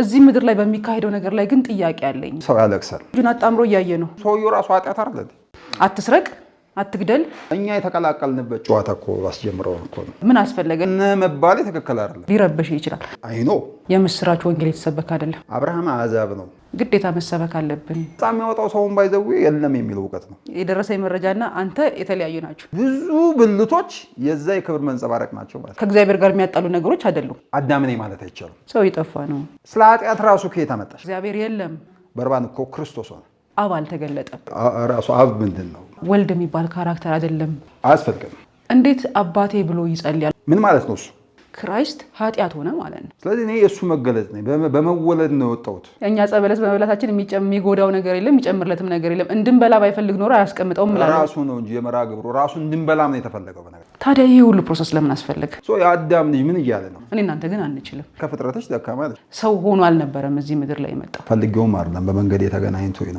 እዚህ ምድር ላይ በሚካሄደው ነገር ላይ ግን ጥያቄ አለኝ። ሰው ያለቅሳል። እጁን አጣምሮ እያየ ነው ሰውየው ራሱ ኃጢአት አለ። አትስረቅ አትግደል እኛ የተቀላቀልንበት ጨዋታ እኮ አስጀምረው እኮ ነው። ምን አስፈለገ መባል ትክክል አይደለም። ሊረብሽ ይችላል። አይኖ የምስራች ወንጌል የተሰበከ አይደለም። አብርሃም አዛብ ነው። ግዴታ መሰበክ አለብን። በጣም የሚያወጣው ሰውን ባይዘው የለም የሚል እውቀት ነው። የደረሰኝ መረጃና አንተ የተለያዩ ናቸው። ብዙ ብልቶች የዛ የክብር መንጸባረቅ ናቸው ማለት ከእግዚአብሔር ጋር የሚያጣሉ ነገሮች አይደሉም። አዳምኔ ማለት አይቻልም። ሰው የጠፋ ነው። ስለ ኃጢአት ራሱ ከየት አመጣሽ? እግዚአብሔር የለም። በርባን እኮ ክርስቶስ ሆነ። አብ አልተገለጠም። ራሱ አብ ምንድን ነው? ወልድ የሚባል ካራክተር አይደለም። አያስፈልግም። እንዴት አባቴ ብሎ ይጸልያል? ምን ማለት ነው እሱ? ክራይስት ኃጢአት ሆነ ማለት ነው። ስለዚህ እኔ የእሱ መገለጥ ነኝ። በመወለድ ነው የወጣሁት። እኛ ጸበለት በመብላታችን የሚጎዳው ነገር የለም፣ የሚጨምርለትም ነገር የለም። እንድንበላ ባይፈልግ ኖሮ አያስቀምጠውም። ራሱ ነው እንጂ የመራ ግብሩ ራሱ እንድንበላም ነው የተፈለገው። በነገር ታዲያ ይህ ሁሉ ፕሮሰስ ለምን አስፈለገ? የአዳም ልጅ ምን እያለ ነው? እኔ እናንተ ግን አንችልም። ከፍጥረቶች ደካማ ሰው ሆኖ አልነበረም እዚህ ምድር ላይ የመጣው ፈልጌውም አይደለም፣ በመንገድ የተገናኝቶ ነው።